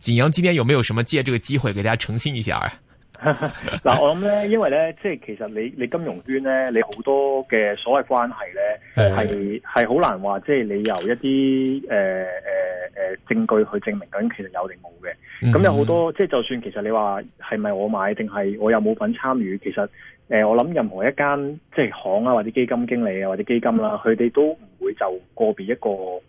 景陽，今天有沒有什麼借這個機會，給大家澄清一下啊？嗱， 我諗咧，因為咧，即係其實你你金融圈咧，你好多嘅所謂關係咧，系係好難話，即係你由一啲誒誒誒證據去證明嗰種其實有定冇嘅。咁有好多 即係，就算其實你話係咪我買定係我有冇份參與，其實誒，呃，我諗任何一間即係行啊或者基金經理啊或者基金啦，佢 哋都唔會就個別一個。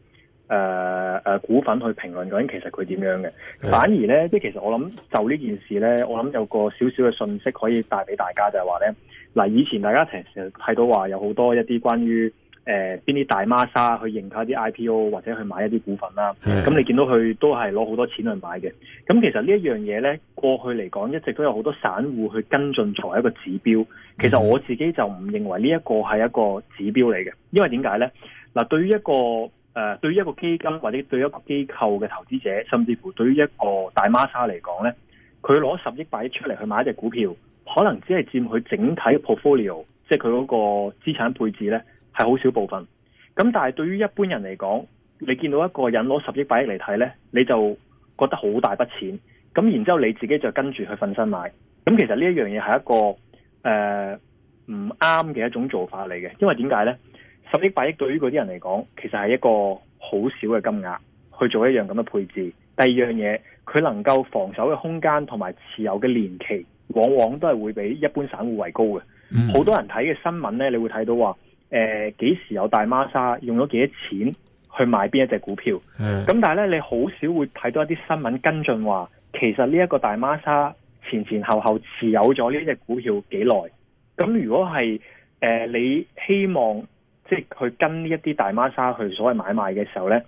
誒、呃、誒、啊、股份去評論究竟其實佢點樣嘅？反而咧，即係其實我諗就呢件事咧，我諗有個少少嘅信息可以帶俾大家，就係話咧，嗱，以前大家成日睇到話有好多一啲關於誒邊啲大媽沙去認購一啲 IPO 或者去買一啲股份啦，咁你見到佢都係攞好多錢去買嘅。咁其實呢一樣嘢咧，過去嚟講一直都有好多散戶去跟進作為一個指標。其實我自己就唔認為呢一個係一個指標嚟嘅、嗯嗯，因為點解咧？嗱，對於一個誒、呃，對於一個基金或者對於一個機構嘅投資者，甚至乎對於一個大孖沙嚟講呢，佢攞十億百億出嚟去買一隻股票，可能只係佔佢整體嘅 portfolio，即係佢嗰個資產配置呢係好少部分。咁但係對於一般人嚟講，你見到一個人攞十億百億嚟睇呢，你就覺得好大筆錢。咁然之後你自己就跟住去瞓身買。咁其實呢一樣嘢係一個誒唔啱嘅一種做法嚟嘅，因為點解呢？十億八億對於嗰啲人嚟講，其實係一個好少嘅金額去做一樣咁嘅配置。第二樣嘢，佢能夠防守嘅空間同埋持有嘅年期，往往都係會比一般散戶為高嘅。好、嗯、多人睇嘅新聞呢，你會睇到話，誒、呃、幾時有大孖沙用咗幾多錢去買邊一隻股票？咁但係呢，你好少會睇到一啲新聞跟進話，其實呢一個大孖沙前前後後持有咗呢隻股票幾耐？咁如果係誒、呃，你希望，即係去跟呢一啲大孖沙去所謂買賣嘅時候呢，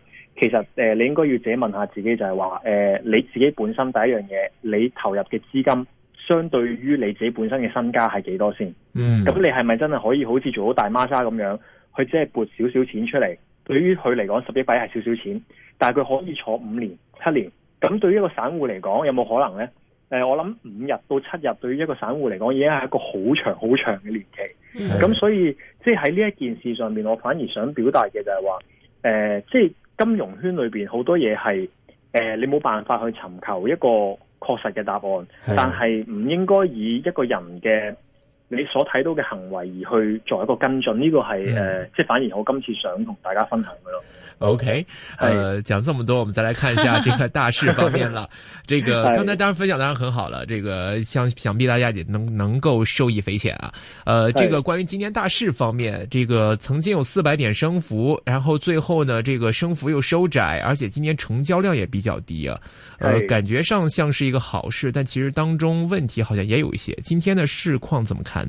其實誒、呃，你應該要自己問一下自己就是說，就係話誒，你自己本身第一樣嘢，你投入嘅資金，相對於你自己本身嘅身家係幾多先？嗯。咁你係咪真係可以好似做到大孖沙咁樣，佢只係撥少少錢出嚟，對於佢嚟講十億幣係少少錢，但係佢可以坐五年七年。咁對於一個散戶嚟講，有冇可能呢？誒、呃，我諗五日到七日，對於一個散戶嚟講，已經係一個好長好長嘅年期。咁所以即係喺呢一件事上面，我反而想表達嘅就係話，誒，即係金融圈裏邊好多嘢係，誒，你冇辦法去尋求一個確實嘅答案，但係唔應該以一個人嘅，你所睇到嘅行為而去做一個跟進呢、這個係誒，即、嗯、係、呃、反而我今次想同大家分享嘅咯。O、okay, K，、嗯、呃，講這麼多， 我們再來看一下這個大市方面啦。 這個 剛才當然分享當然很好啦，這個想想必大家也能能夠受益匪淺啊。呃，這個關於今天大市方面，這個曾經有四百點升幅，然後最後呢，這個升幅又收窄，而且今天成交量也比較低啊。呃，感覺上像是一個好事，但其實當中問題好像也有一些。今天的市況怎麼看？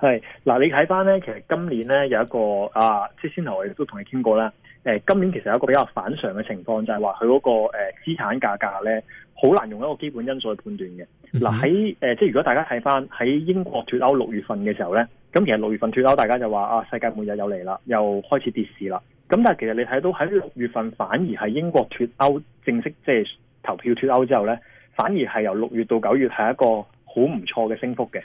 係嗱，你睇翻咧，其實今年咧有一個啊，即係先頭我亦都同你傾過啦。誒，今年其實有一個比較反常嘅情況，就係話佢嗰個誒資產價格咧，好難用一個基本因素去判斷嘅。嗱，喺誒，即係如果大家睇翻喺英國脫歐六月份嘅時候咧，咁其實六月份脫歐，大家就話啊，世界末日又嚟啦，又開始跌市啦。咁但係其實你睇到喺六月份，反而係英國脫歐正式即係投票脫歐之後咧，反而係由六月到九月係一個好唔錯嘅升幅嘅。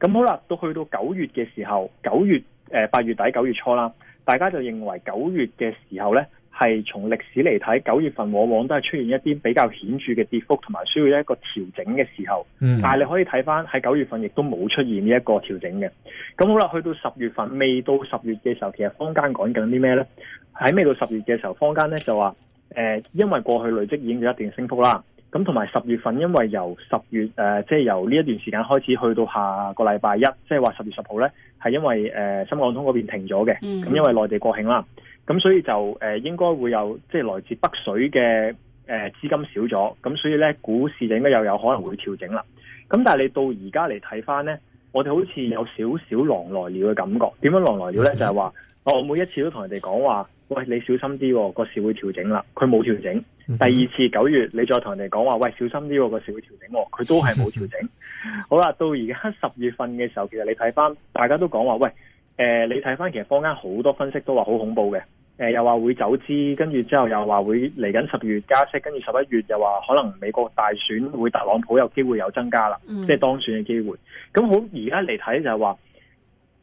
咁好啦，到去到九月嘅時候，九月誒呃，八月底九月初啦，大家就認為九月嘅時候呢，係從歷史嚟睇，九月份往往都係出現一啲比較顯著嘅跌幅，同埋需要一個調整嘅時候。但係你可以睇翻，喺九月份亦都冇出現呢一個調整嘅。咁好啦，去到十月份，未到十月嘅時候，其實坊間講緊啲咩呢？喺未到十月嘅時候，坊間呢就話，誒、呃，因為過去累積已經有一定升幅啦。咁同埋十月份，因為由十月誒，即係由呢一段時間開始，去到下個禮拜一，即係話十月十號咧，係因為誒深港通嗰邊停咗嘅，咁因為內地國慶啦，咁所以就誒應該會有即係來自北水嘅誒資金少咗，咁所以咧股市就應該又有，有可能會調整啦？咁但係你到而家嚟睇翻咧，我哋好似有少少狼來了嘅感覺。點樣狼來了咧？就係話我每一次都同人哋講話。喂，你小心啲、哦，個市會調整啦。佢冇調整。Mm-hmm. 第二次九月，你再同人哋講話，喂，小心啲喎、哦，個市會調整喎、哦。佢都係冇調整。Mm-hmm. 好啦，到而家十月份嘅時候，其實你睇翻，大家都講話，喂，呃、你睇翻，其實坊間好多分析都話好恐怖嘅、呃，又話會走資，跟住之後又話會嚟緊十月加息，跟住十一月又話可能美國大選會特朗普有機會有增加啦，mm-hmm. 即係當選嘅機會。咁好，而家嚟睇就係話。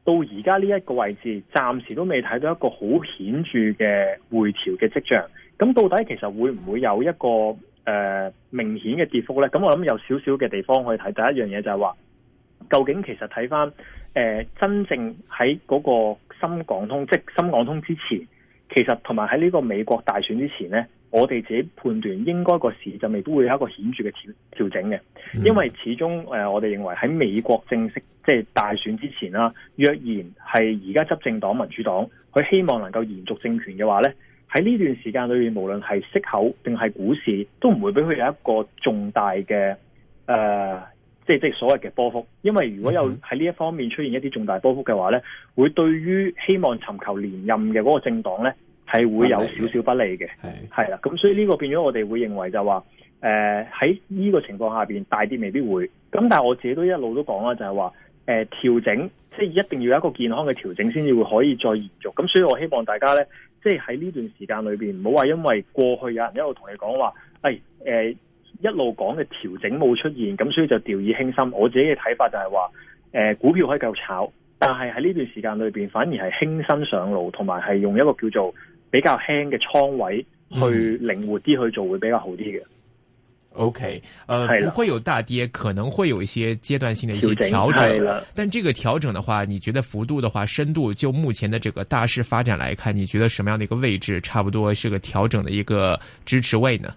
到而家呢一個位置，暫時都未睇到一個好顯著嘅回調嘅跡象。咁到底其實會唔會有一個誒、呃、明顯嘅跌幅呢？咁我諗有少少嘅地方可以睇。第一樣嘢就係話，究竟其實睇返誒真正喺嗰個深港通，即深港通之前，其實同埋喺呢個美國大選之前呢。我哋自己判斷應該個市就未必會有一個顯著嘅調調整嘅，因為始終誒、呃、我哋認為喺美國正式即係大選之前啦，若然係而家執政黨民主黨佢希望能夠延續政權嘅話咧，喺呢段時間裏面無論係息口定係股市都唔會俾佢有一個重大嘅誒、呃、即係即係所謂嘅波幅，因為如果有喺呢一方面出現一啲重大波幅嘅話咧，會對於希望尋求連任嘅嗰個政黨咧，係會有少少不利嘅，係係啦，咁所以呢個變咗我哋會認為就話，誒喺呢個情況下邊，大跌未必會，咁但係我自己都一路都講啦，就係話，誒調整，即係一定要有一個健康嘅調整，先至會可以再延續，咁所以我希望大家呢，即係喺呢段時間裏邊，唔好話因為過去有人一路同你講話，誒、哎呃、一路講嘅調整冇出現，咁所以就掉以輕心，我自己嘅睇法就係話，誒、呃、股票可以繼續炒，但係喺呢段時間裏邊，反而係輕身上路，同埋係用一個叫做。比較輕嘅倉位去靈活啲、嗯、去做會比較好啲嘅。O K，誒，不會有大跌，可能會有一些階段性嘅一些調整，整。但這個調整嘅話，你覺得幅度嘅話，深度就目前的這個大勢發展來看，你覺得什麼樣的一個位置，差不多是個調整嘅一個支持位呢？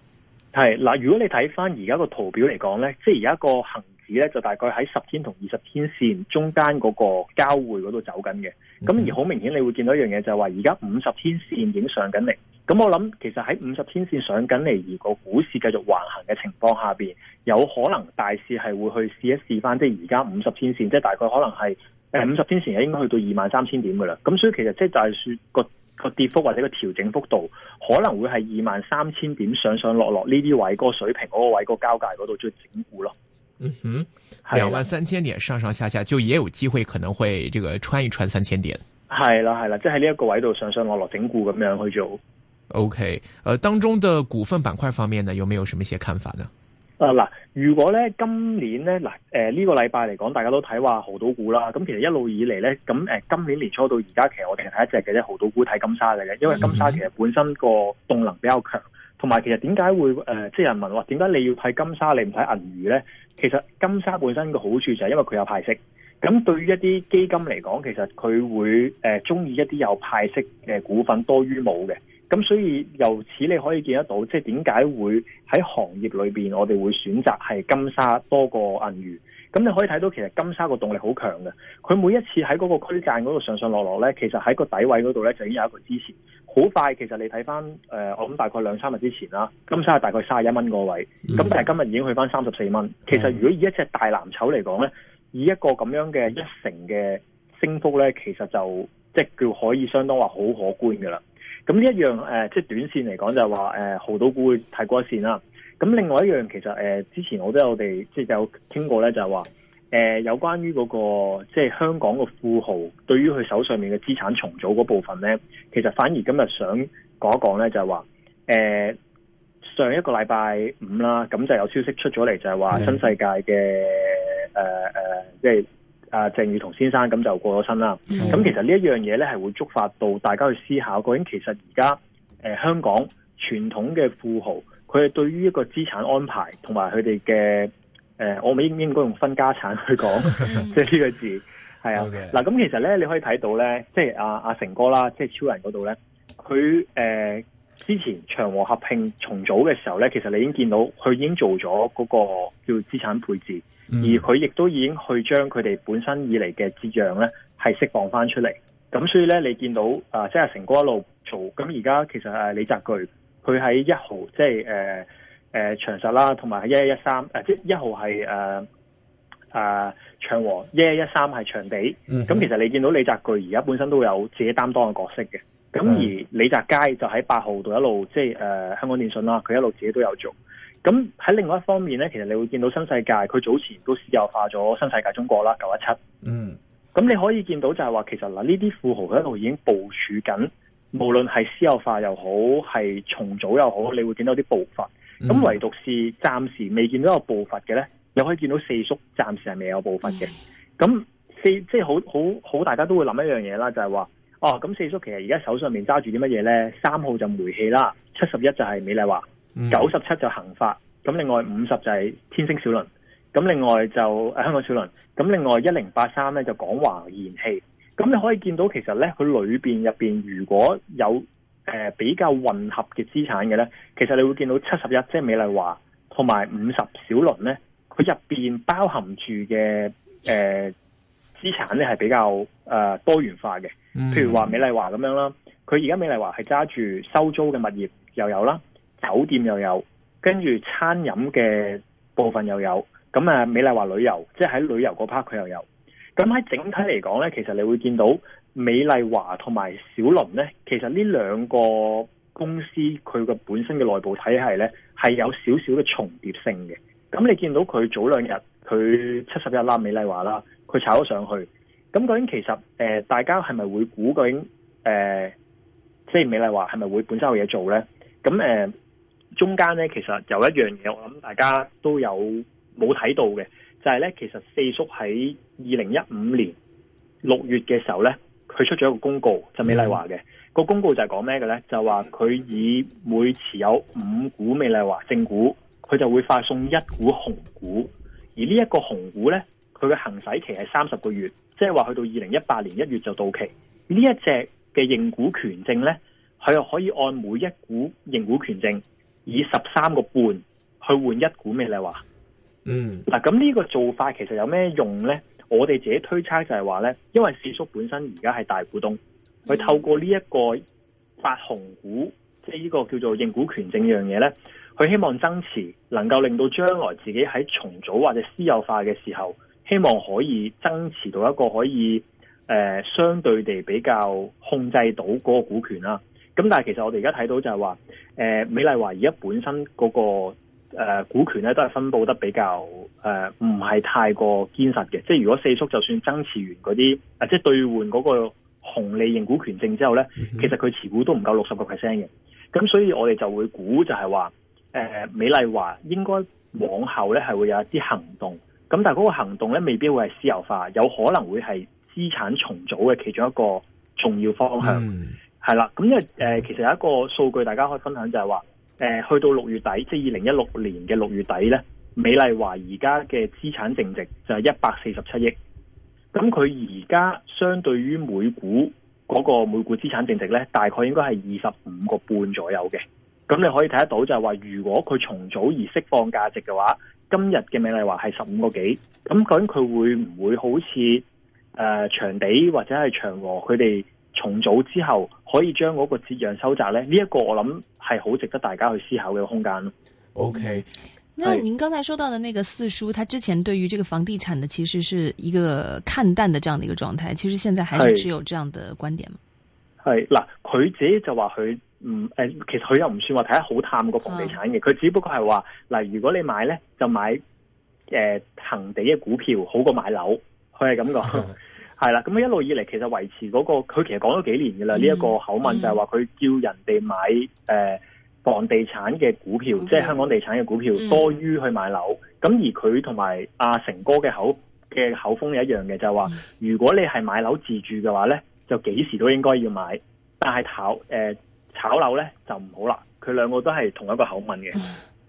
係嗱，如果你睇翻而家個圖表嚟講呢，即係而家個行。咧就大概喺十天同二十天線中間嗰個交匯嗰度走緊嘅，咁而好明顯你會見到一樣嘢就係話而家五十天線影上緊嚟，咁我諗其實喺五十天線上緊嚟而個股市繼續橫行嘅情況下邊，有可能大市係會去試一試翻即係而家五十天線即係大概可能係誒五十天前應該去到二萬三千點噶啦。咁所以其實即係就係說個個跌幅或者個調整幅度可能會係二萬三千點上上落落呢啲位嗰個水平嗰個位個交界嗰度再整固咯。嗯哼，兩萬三千點上上下下，就也有機會可能會這個穿一穿三千點。係啦係啦，即係呢一個位度上上落落整固咁樣去做。O K，誒，當中的股份板塊方面呢，有沒有什麼一些看法呢？啊、呃、嗱，如果咧今年咧嗱誒呢、呃這個禮拜嚟講，大家都睇話濠賭股啦，咁其實一路以嚟咧咁誒今年年初到而家，其實我哋係一隻嘅啫，濠賭股睇金沙嚟嘅，因為金沙其實本身個動能比較強。嗯同埋，其實點解會即係、呃即係、人民話點解你要睇金沙，你唔睇銀娛呢？其實金沙本身個好處就係因為佢有派息，咁對於一啲基金嚟講，其實佢會誒中意一啲有派息嘅股份多於冇嘅，咁所以由此你可以見得到，即係點解會喺行業裏面，我哋會選擇係金沙多過銀娛。咁你可以睇到其實金沙個動力好強嘅，佢每一次喺嗰個區間嗰度上上落落咧，其實喺個底位嗰度咧就已經有一個支持。好快，其實你睇翻誒，我諗大概兩三日之前啦，金沙係大概三十一蚊個位，咁但係今日已經去翻三十四蚊。其實如果以一隻大藍籌嚟講咧，以一個咁樣嘅一成嘅升幅咧，其實就即係叫可以相當話好可觀㗎啦。咁呢一樣、呃、即係短線嚟講就係話誒，濠賭股會太過線啦。咁另外一樣，其實誒之前我都有哋即係有聽過咧，就係、是、話、呃、有關於嗰、那個即係香港嘅富豪，對於佢手上面嘅資產重組嗰部分咧，其實反而今日想講一講咧，就係話上一個禮拜五啦，咁就有消息出咗嚟，就係話新世界嘅誒、mm. 呃、即係阿、呃、鄭裕彤先生咁就過咗身啦。咁、mm. 其實呢一樣嘢咧，係會觸發到大家去思考，究竟其實而家誒香港傳統嘅富豪。佢哋對於一個資產安排同埋佢哋嘅誒，我唔應應該用分家產去講，即係呢個字係啊。嗱、okay. 咁、啊、其實咧，你可以睇到咧，即係阿阿成哥啦，即係超人嗰度咧，佢誒、呃、之前長和合併重組嘅時候咧，其實你已經見到佢已經做咗嗰個叫資產配置，嗯、而佢亦都已經去將佢哋本身以嚟嘅資產咧係釋放翻出嚟。咁所以咧，你見到啊，即係阿成哥一路做，咁而家其實誒李澤鉅。佢喺一號，即係誒誒長實啦，同埋喺一一一三，誒即一號係誒誒長和，一一一三係長地。咁、mm-hmm. 其實你見到李澤鉅而家本身都有自己擔當嘅角色嘅。咁、mm-hmm. 而李澤楷就喺八號度一路即係誒、呃、香港電訊啦，佢一路自己都有做。咁喺另外一方面咧，其實你會見到新世界，佢早前都私有化咗新世界中國啦，九一七。嗯。咁你可以見到就係話，其實嗱呢啲富豪佢一路已經部署緊。無論係私有化又好，係重組又好，你會見到啲步伐。咁、嗯、唯獨是暫時未見到有步伐嘅呢，又可以見到四叔暫時係未有步伐嘅。咁、嗯、四即係好好好，好好大家都會諗一樣嘢啦，就係、是、話哦，咁四叔其實而家手上面揸住啲乜嘢呢？三號就煤氣啦，七十一就係美麗華，九十七就恒發。咁另外五十就係天星小輪，咁另外就、呃、香港小輪，咁另外一零八三呢就港華燃氣。咁你可以見到其實咧，佢裏面入面如果有、呃、比較混合嘅資產嘅咧，其實你會見到七十一即係美麗華同埋五十小輪咧，佢入面包含住嘅誒資產咧係比較、呃、多元化嘅。譬如話美麗華咁樣啦，佢而家美麗華係揸住收租嘅物業又有啦，酒店又有，跟住餐飲嘅部分又有，咁、嗯、誒、呃、美麗華旅遊即係喺旅遊嗰 part 佢又有。咁喺整體嚟講呢，其實你會見到美麗華同埋小林呢，其實呢兩個公司佢個本身嘅內部體系呢，係有少少嘅重疊性嘅。咁你見到佢早兩日，佢七十一粒美麗華啦，佢炒咗上去。咁究竟其實誒、呃，大家係咪會估究竟誒，即、呃、係、就是、美麗華係咪會本身有嘢做呢？咁誒、呃，中間呢，其實有一樣嘢，我諗大家都有冇睇到嘅，就係、是、呢，其實四叔喺，二零一五年六月嘅時候呢，佢出咗一個公告，就是、美麗華嘅個公告就係講咩嘅呢？就話佢以每持有五股美麗華正股，佢就會發送一股紅股，而呢一個紅股呢，佢嘅行使期係三十個月，即係話去到二零一八年一月就到期。呢一隻嘅認股權證呢，佢又可以按每一股認股權證以十三個半去換一股美麗華。嗯，嗱咁呢個做法其實有咩用呢？我哋自己推測就係話呢，因為四叔本身而家係大股東，佢透過呢一個發紅股，即係呢個叫做認股權證呢樣嘢呢，佢希望增持，能夠令到將來自己喺重組或者私有化嘅時候，希望可以增持到一個可以、呃、相對地比較控制到嗰個股權啦。咁但係其實我哋而家睇到就係話，呃，美麗華而家本身嗰個。誒、呃，股權咧都係分佈得比較誒，唔、呃、係太過堅實嘅。即係如果四叔就算增持完嗰啲，誒、啊、即係兌換嗰個紅利型股權證之後咧，其實佢持股都唔夠六十個 percent 嘅。咁所以我哋就會估就係話，誒、呃、美麗華應該往後咧係會有一啲行動。咁但係嗰個行動咧未必會係私有化，有可能會係資產重組嘅其中一個重要方向。係、嗯、啦，咁因為誒其實有一個數據大家可以分享就係話。誒、呃，去到六月底，即係二零一六年嘅六月底呢，美麗華而家嘅資產淨值就係一百四十七億。咁佢而家相對於每股嗰、那個每股資產淨值呢，大概應該係二十五個半左右嘅。咁你可以睇得到就是說，就係話如果佢重組而釋放價值嘅話，今日嘅美麗華係十五個幾。咁究竟佢會唔會好似誒長地或者係長和佢哋重組之後，可以將嗰個折讓收窄咧，呢、這、一個我諗係好值得大家去思考嘅空間咯。O、okay. K，那您剛才說到嘅那個四叔，他之前對於這個房地產的，其實是一個看淡的這樣的一個狀態，其實現在還是持有這樣的觀點嘛？係嗱，佢自己就話佢唔誒，其實佢又唔算話睇得好淡個房地產嘅，佢、啊、只不過係話嗱，如果你買呢，就買誒恆、呃、地嘅股票好過買樓，佢係咁講。 係啦，咁一路以嚟，其實維持嗰、那個，佢其實講咗幾年嘅啦。呢、嗯、一、這個口吻就係話，佢叫人哋買誒、呃、房地產嘅股票，okay, 即係香港地產嘅股票多於去買樓。咁、嗯、而佢同埋阿成哥嘅口嘅口風一樣嘅，就係、是、話、嗯、如果你係買樓自住嘅話呢，就幾時都應該要買。但係炒誒、呃、炒樓呢就唔好啦。佢兩個都係同一個口吻嘅、嗯。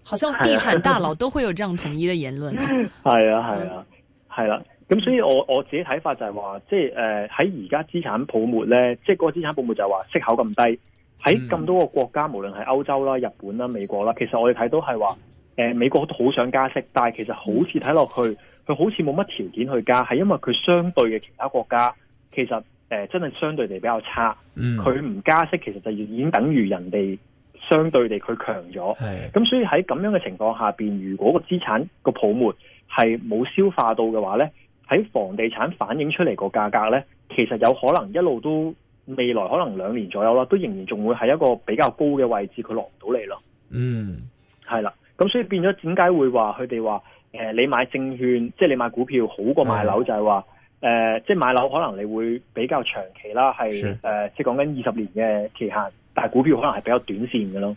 好似地產大佬都會有這樣統一嘅言論、啊。係啊係啊係啦。 咁所以我我自己睇法就係話，即係誒喺而家資產泡沫咧，即係嗰個資產泡沫就係話息口咁低，喺咁多個國家，無論係歐洲啦、日本啦、美國啦，其實我哋睇到係話，誒、呃、美國都好想加息，但係其實好似睇落去，佢好似冇乜條件去加，係因為佢相對嘅其他國家，其實誒、呃、真係相對地比較差，佢、嗯、唔加息其實就已經等於人哋相對地佢強咗，咁所以喺咁樣嘅情況下邊，如果個資產個泡沫係冇消化到嘅話咧。喺房地產反映出嚟個價格呢，其實有可能一路都未來可能兩年左右啦，都仍然仲會係一個比較高嘅位置，佢落唔到嚟咯。嗯，係啦，咁所以變咗點解會話佢哋話誒，你買證券即係你買股票好過買樓，是就係話誒，即係買樓可能你會比較長期啦，係誒、呃，即係講緊二十年嘅期限，但係股票可能係比較短線嘅咯。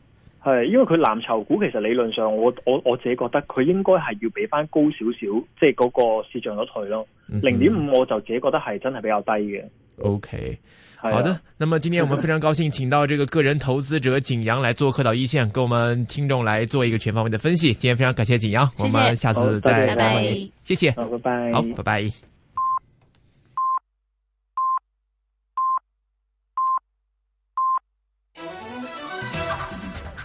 係，因為佢藍籌股其實理論上我，我我我自己覺得佢應該係要俾翻高少少，即係嗰個市賬率去咯。零點五我就自己覺得係真係比較低嘅，嗯。OK、啊、好的。那麼今天我們非常高興請到這個個人投資者景揚來做客到一線，跟我們聽眾來做一個全方位的分析。今天非常感謝景揚，我們下次再謝謝、哦、謝謝拜拜。謝謝，好，拜拜，好，拜拜。